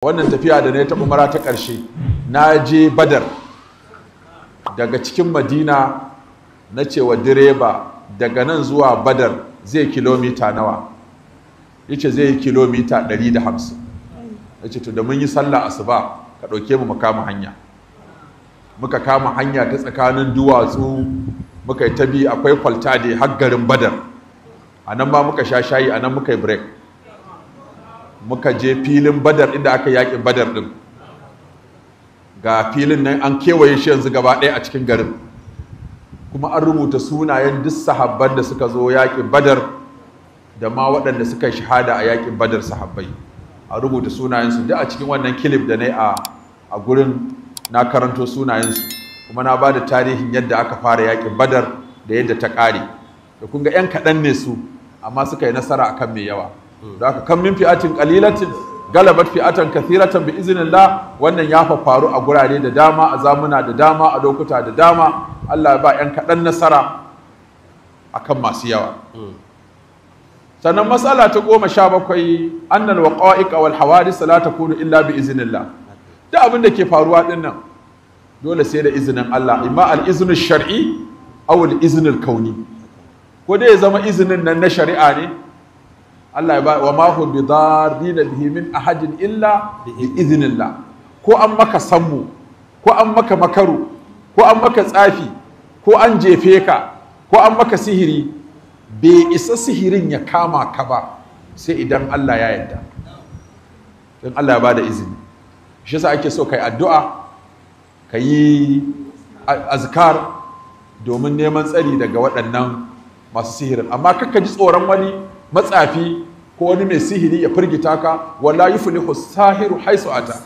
wannan tafiya da na taɓa mara ta ƙarshe na je badar daga cikin madina na cewa direba daga nan zuwa badar zai kilomita nawa Yace zai yi kilomita 150 ya to da mun yi sallah asuba ka ɗauke mu kama hanya muka kama hanya ta tsakanin duwatsu muka yi tabi akwai kwalta da har garin badar a nan ba muka sha shayi a nan muka yi break muka je filin badar inda aka yaƙi badar ɗin ga filin nan an kewaye shi yanzu gaba ɗaya a cikin garin kuma an rubuta sunayen duk sahabban da suka zo yaƙi badar da ma waɗanda suka shahada a yaƙin badar sahabbai a rubuta sunayensu duk a cikin wannan kilif da na yi a gurin na karanto sunayensu kuma na ba da tarihin yadda aka fara yaƙin badar da yadda ta ƙare da kun ga 'yan kaɗan ne su amma suka yi nasara akan mai yawa da kan min fi'atin qalilatin galabat fi'atan kathiratan bi iznillah wannan ya faru a gurare da dama a zamuna da dama a lokuta da dama Allah ba yan kaɗan nasara akan masu yawa sannan matsala ta goma sha bakwai annal waqa'iq wal hawadith la takunu illa bi iznillah da abin da ke faruwa din nan dole sai da iznin Allah imma al iznu shar'i aw al iznu kauni ko dai ya zama izinin nan na shari'a ne Allah ya ba wa ma hum bidarrina bihi min ahadin illa bi idhnillah ko an maka sammu ko an maka makaru ko an maka tsafi ko an jefe ka ko an maka sihiri bai isa sihirin ya kama ka ba sai idan Allah ya yarda in Allah ya bada izini shi yasa ake so kai addu'a ka yi azkar domin neman tsari daga waɗannan masu sihirin amma kakka ji tsoron wani matsafi ko wani mai sihiri ya firgita ka wala yi yuflihu sahiru haisu ata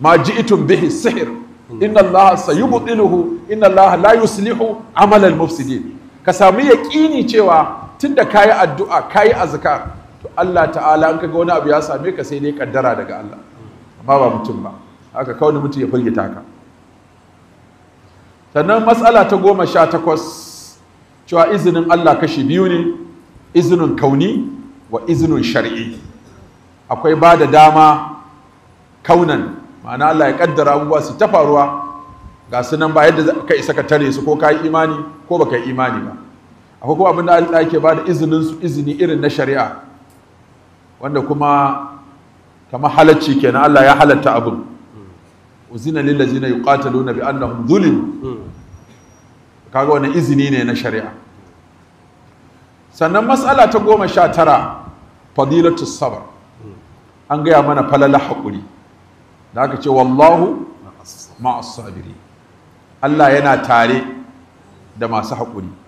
ma itun bihi sihir inna allaha sayubtiluhu inna allaha la yuslihu amal mufsidin ka samu yaƙini cewa tunda kayi addu'a kayi azuka to Allah ta'ala in kaga wani abu ya same ka sai dai kaddara daga Allah amma ba mutum ba haka kawai mutum ya firgita ka sannan matsala ta goma sha takwas cewa izinin Allah kashi biyu ne izinin kauni wa izinin shari'i akwai ba da dama kaunan ma'ana Allah ya kaddara abubuwa su ta faruwa ga sunan nan ba yadda ka isa ka tare su ko ka yi imani ko ba ka yi imani ba akwai kuma abin da Allah yake ba da izinin su izini irin na shari'a wanda kuma kamar halacci kenan Allah ya halatta abin uzina lillazina na bi annahum zulim hmm. kaga wannan izini ne na shari'a sannan matsala ta goma sha tara fadilatu sabar an gaya mana falala haƙuri da aka ce wallahu ma'asabiri Allah yana tare da masu haƙuri